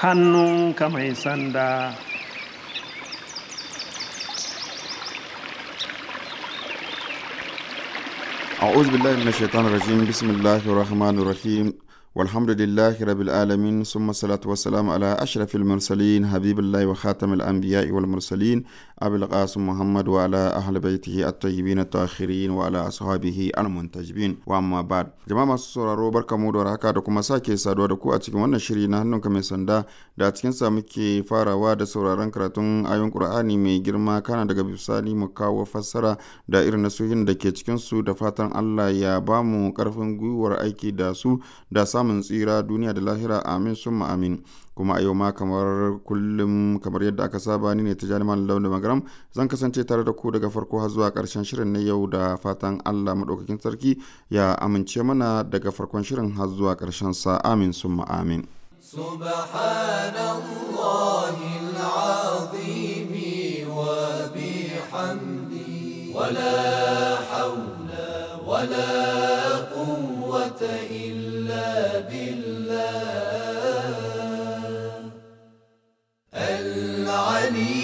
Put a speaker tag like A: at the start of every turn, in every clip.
A: hannunka mai sanda
B: أعوذ بالله من الشيطان الرجيم بسم الله الرحمن الرحيم walhamdulillahi rabbil alamin summa salatu wassalamu ala ashrafil mursalin habibillahi wa khatamil anbiya'i wal mursalin abul qasim muhammad wa ala ahli baitihi at-tayyibin at-tahirin wa ala ashabihi al-muntajibin wa amma ba'd jama'a masu sauraro barka da haka da kuma sa ke saduwa da ku a cikin wannan shiri na hannunka mai sanda da a cikin sa muke farawa da sauraron karatun ayoyin qur'ani mai girma kana daga bisani mu kawo fassara da irin nasuhin da ke cikin su da fatan Allah ya bamu karfin gwiwar aiki da su da samun samun tsira duniya da lahira amin summa amin kuma a yau ma kamar kullum kamar yadda aka saba ni ne ta jani malam launi magaram zan kasance tare da ku daga farko har zuwa karshen shirin na yau da fatan Allah maɗaukakin sarki ya amince mana daga farkon shirin har zuwa karshen sa amin summa amin
C: ولا الله العلي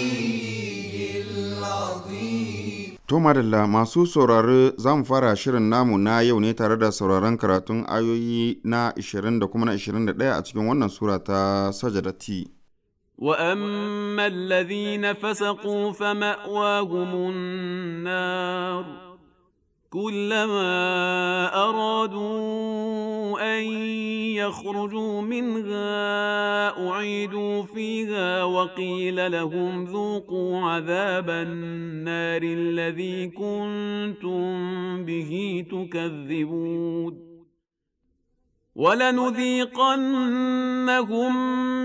B: masu saurari zan fara shirin namu na yau ne tare da sauraron karatun ayoyi na 20 da kuma na 21 a cikin wannan sura ta sajadati.
C: وأما الذين فسقوا فمأواهم النار كلما أرادوا أن يخرجوا منها أعيدوا فيها وقيل لهم ذوقوا عذاب النار الذي كنتم به تكذبون ولنذيقنهم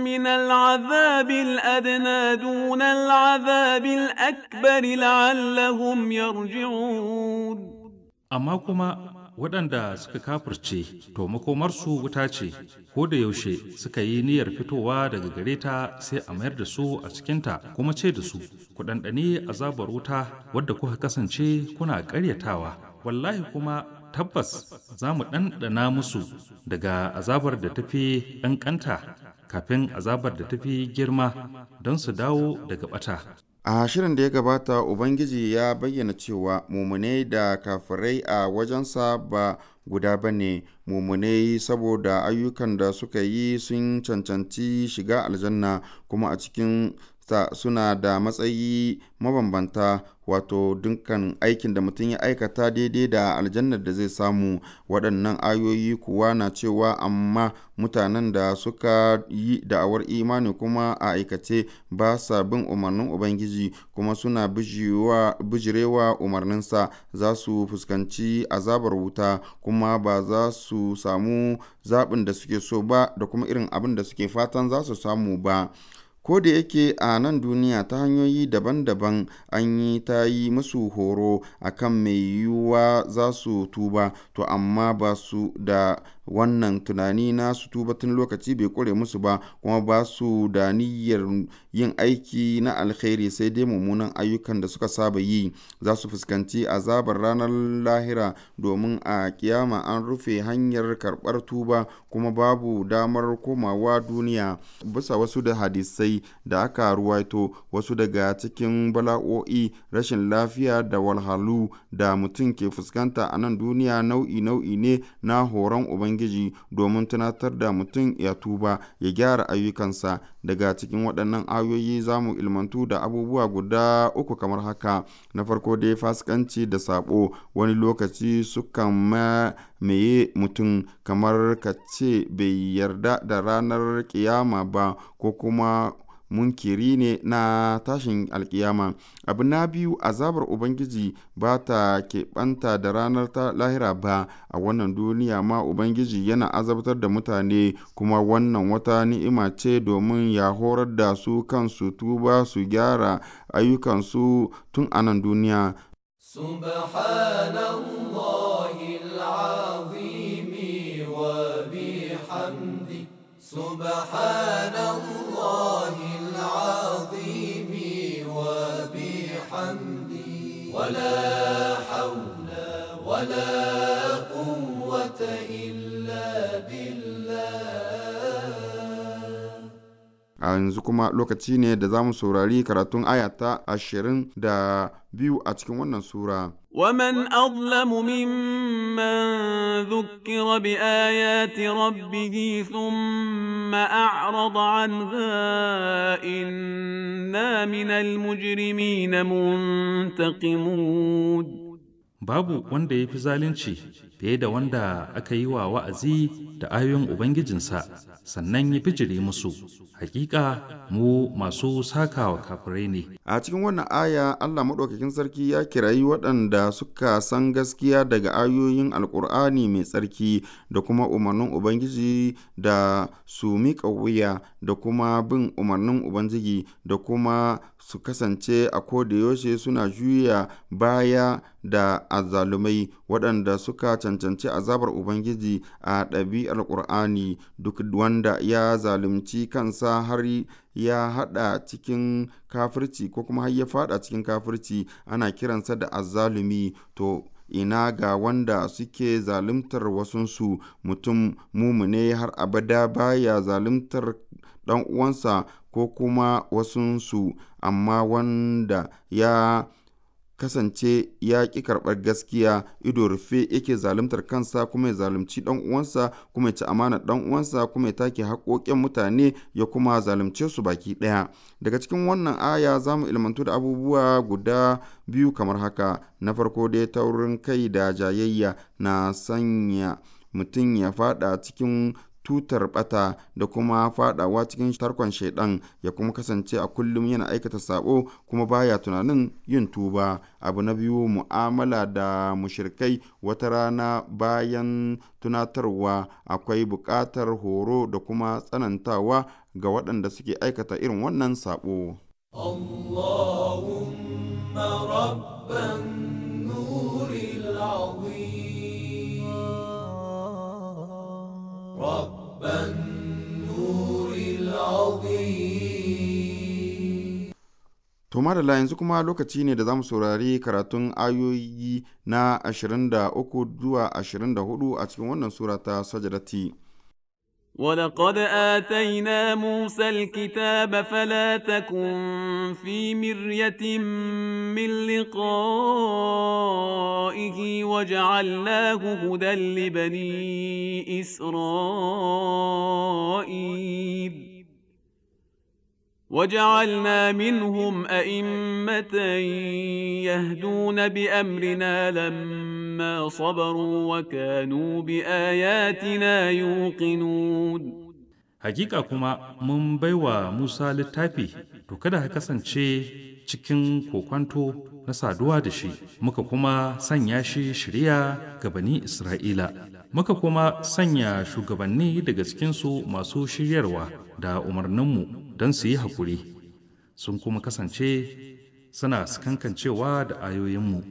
C: من العذاب الأدنى دون العذاب الأكبر لعلهم يرجعون amma
A: kuma waɗanda suka kafirce to makomarsu wuta ce ko da yaushe suka yi niyyar fitowa daga gare ta sai a mayar da su a cikinta kuma ce da su ku ɗanɗani azabar wuta wadda kuka kasance kuna ƙaryatawa wallahi kuma tabbas za mu ɗanɗana musu daga azabar da tafi ƙanƙanta kafin azabar da tafi girma don su dawo daga ɓata
B: A shirin da ya gabata Ubangiji ya bayyana cewa mumunai da kafirai a wajensa ba guda ba ne, mumunai saboda ayyukan da suka yi sun cancanci shiga aljanna kuma a cikin ta suna da matsayi mabambanta wato dukkan aikin da mutum ya aikata daidai da aljannar da zai samu waɗannan ayoyi kuwa na cewa amma mutanen da suka yi da'awar imani kuma a aikace ba sa bin umarnin ubangiji kuma suna bijirewa umarninsa za su fuskanci azabar wuta kuma ba za su samu zaɓin da suke so ba da kuma irin abin da suke fatan za su samu ba ko da yake a nan duniya ta hanyoyi daban-daban an yi ta yi musu horo akan mai yiwuwa za su tuba to amma ba su da wannan tunani nasu tuba tun lokaci bai kure musu ba kuma ba su da niyyar yin aiki na alkhairi sai dai mummunan ayyukan da suka saba yi za su fuskanci azabar ranar lahira domin a kiyama an rufe hanyar karɓar tuba kuma babu damar komawa duniya bisa wasu da hadisai da aka ruwaito wasu daga cikin bala'o'i rashin lafiya da walhalu da mutum ke fuskanta a nan duniya nau'i nau'i ne na horon ubangiji Ubangiji domin tunatar da mutum ya tuba ya gyara ayyukansa. Daga cikin waɗannan ayoyi za mu ilmantu da abubuwa guda uku kamar haka. Na farko dai fasikanci da saɓo wani lokaci sukan meye mutum kamar ka ce bai yarda da ranar ƙiyama ba ko kuma munkiri ne na tashin alkiyama abu na biyu azabar ubangiji ba ta keɓanta da ranar ta lahira ba a wannan duniya ma ubangiji yana azabtar da mutane kuma wannan wata ni'ima ce domin ya horar da su kansu tuba su gyara ayyukansu tun anan duniya
C: سبحان الله
B: a yanzu kuma lokaci ne da za mu saurari karatun ayata ashirin da biyu a cikin wannan sura
C: ومن اظلم ممن ذكر بايات ربه ثم اعرض عنها انا من المجرمين منتقمون babu wanda ya fi zalunci fiye da wanda
A: aka yi wa wa'azi da ayoyin Ubangijinsa sannan ya bijire musu, hakika mu masu sakawa kafirai ne.
B: A cikin wannan aya Allah maɗaukakin sarki ya kirayi waɗanda suka san gaskiya daga ayoyin Alƙur'ani mai tsarki da kuma umarnin Ubangiji da su miƙa wuya da kuma bin umarnin Ubangiji da kuma su kasance a koda yaushe suna juya baya da azzalumai waɗanda suka cancanci azabar Ubangiji a ɗabi'ar Ƙur'ani duk wanda ya zalunci kansa har ya haɗa cikin kafirci ko kuma har ya faɗa cikin kafirci ana kiransa da azzalumi to ina ga wanda suke zaluntar wasunsu mutum mumune har abada baya zaluntar ɗan uwansa ko kuma wasunsu amma wanda ya kasance ya ƙi karɓar gaskiya ido rufe yake zaluntar kansa kuma ya zalunci ɗan uwansa kuma ya ci amana ɗan uwansa kuma ya take haƙoƙin mutane ya kuma zalunce su baki ɗaya daga cikin wannan aya za mu ilmantu da abubuwa guda biyu kamar haka na farko dai taurin kai da jayayya na sanya mutum ya fada cikin tutar bata da kuma fadawa cikin tarkon shaidan ya kuma kasance a kullum yana aikata sabo kuma baya tunanin yin tuba abu na biyu mu'amala da mushirkai wata rana bayan tunatarwa akwai buƙatar horo da kuma tsanantawa ga waɗanda suke aikata irin wannan sabo
C: Allahumma rabban
B: To madalla yanzu kuma lokaci ne da za mu saurari karatun ayoyi na 23 zuwa 24 a cikin wannan sura ta sajadati.
C: ولقد آتينا موسى الكتاب فلا تكن في مرية من لقائه وجعلناه هدى لبني إسرائيل وجعلنا منهم أئمة يهدون بأمرنا لما صبروا وكانوا بآياتنا يوقنون Hakika kuma mun
A: baiwa Musa littafi, to kada ka kasance cikin kokwanto na saduwa da shi, muka kuma sanya shi shirya ga bani Isra'ila, muka kuma sanya shugabanni daga cikinsu masu shiryarwa da umarninmu don su yi haƙuri sun kuma kasance suna kankancewa
B: da ayoyinmu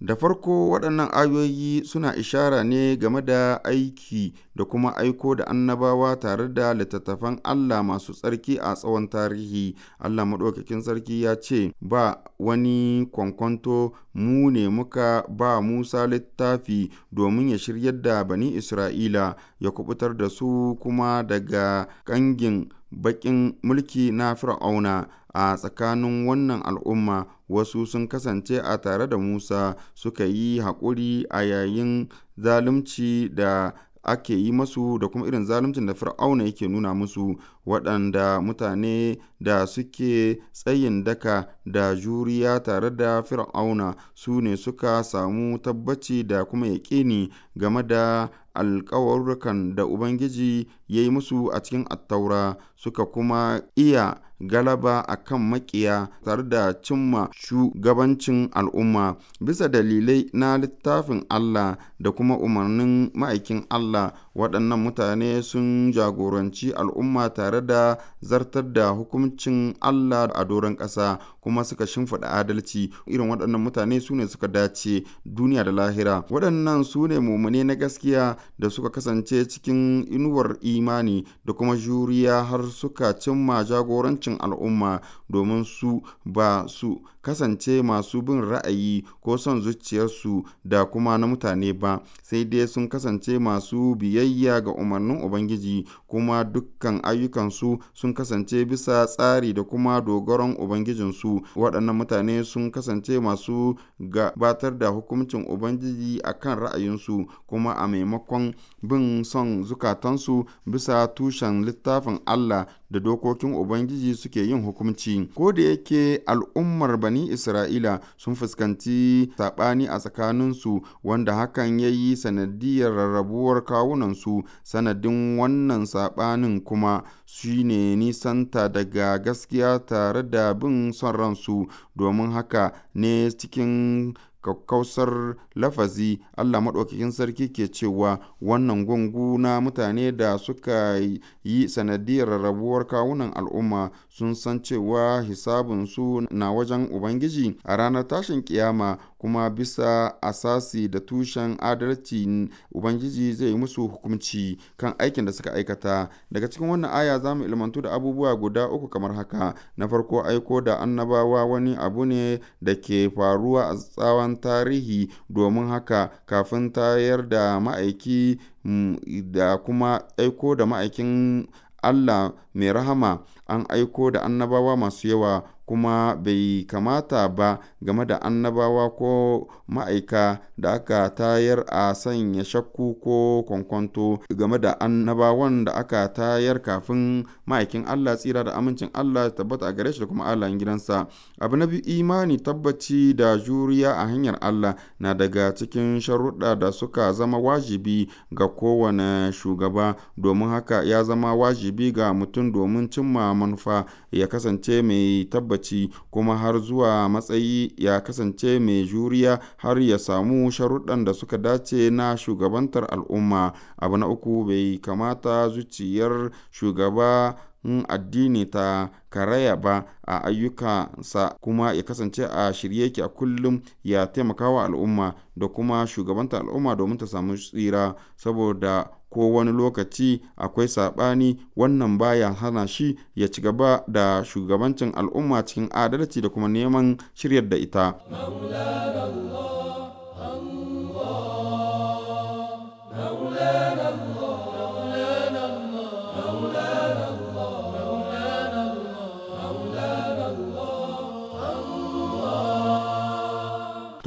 B: da farko waɗannan ayoyi suna ishara ne game da aiki da kuma aiko da annabawa tare da littattafan Allah masu tsarki a tsawon tarihi Allah maɗaukakin sarki ya ce ba wani kwankwanto mu ne muka ba Musa littafi domin ya shiryar da bani Isra'ila ya kubutar da su kuma daga ƙangin baƙin mulki na Fir'auna a tsakanin wannan al'umma, wasu sun kasance a tare da Musa, suka yi haƙuri a yayin zalunci da ake yi masu da kuma irin zaluncin da fir'auna yake nuna musu waɗanda mutane da suke tsayin daka da juriya tare da fir'auna su ne suka samu tabbaci da kuma yaƙini game da alkawarrukan da Ubangiji ya yi musu a cikin Attaura, suka kuma iya galaba a kan maƙiya tare da cimma shugabancin al'umma bisa dalilai na littafin Allah da kuma umarnin ma'aikin Allah waɗannan mutane sun jagoranci al'umma tare da zartar da hukuncin Allah a doron ƙasa kuma suka shimfiɗa adalci irin waɗannan mutane su ne suka dace duniya da lahira waɗannan su ne mumune na gaskiya da suka kasance cikin inuwar imani da kuma juriya har suka cimma jagorancin al'umma domin su ba su kasance masu bin ra'ayi ko son zuciyarsu da kuma na mutane ba sai dai sun kasance masu biye biyayya ga umarnin Ubangiji, kuma dukkan ayyukansu sun kasance bisa tsari da kuma dogaron Ubangijinsu. Waɗannan mutane sun kasance masu gabatar da hukuncin Ubangiji a kan ra'ayinsu, kuma a maimakon bin son zukatansu bisa tushen littafin Allah da dokokin Ubangiji suke yin hukunci. Ko da yake al'ummar Bani Isra'ila sun fuskanci saɓani a tsakaninsu wanda hakan ya yi sanadiyar rarrabuwar kawunansu sanadin wannan saɓanin kuma shi ne nisanta daga gaskiya tare da bin son ransu domin haka ne cikin kakkausar lafazi Allah Maɗaukakin Sarki ke cewa wannan gungu na mutane da suka yi sanadiyar rabuwar kawunan al'umma sun san cewa hisabinsu na wajen Ubangiji a ranar tashin kiyama kuma bisa asasi da tushen adalci Ubangiji zai yi musu hukunci kan aikin da suka aikata. Daga cikin wannan aya za mu ilmantu da abubuwa guda uku kamar haka. Na farko aiko da annabawa wani abu ne da ke faruwa a tsawon tarihi domin haka kafin tayar da ma'aiki mm, da kuma aiko da ma'aikin Allah mai rahama an aiko da annabawa masu yawa kuma bai kamata ba game da annabawa ko ma'aika da aka tayar a sanya shakku ko kwankwanto game da annabawan da aka tayar kafin ma'aikin Allah tsira da amincin Allah tabbata a gare shi da kuma Allah gidansa abu na biyu imani tabbaci da juriya a hanyar Allah na daga cikin sharuɗa da suka zama wajibi ga kowane shugaba domin haka ya zama wajibi ga mutum domin cimma manufa ya kasance mai tabbaci lokaci kuma har zuwa matsayi ya kasance mai juriya har ya samu sharuɗan da suka dace na shugabantar al'umma abu na uku bai kamata zuciyar shugaba mm, addini ta karaya ba a ayyukansa kuma ya kasance a shirye ki a kullum ya taimakawa al'umma da kuma shugabantar al'umma domin ta samu tsira saboda ko wani lokaci akwai saɓani wannan baya hana shi ya ci gaba da shugabancin al'umma cikin adalci da kuma neman shiryar da ita.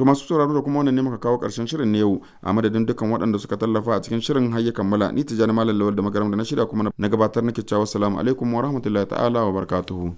B: masu sauraro da kuma wannan ne muka kawo karshen shirin na yau a madadin dukkan waɗanda suka tallafa a cikin shirin har ya kammala ni tijani malam lawal da magaram da na shirya kuma na gabatar nake cewa assalamu alaikum wa rahmatullahi ta'ala wa barakatuhu.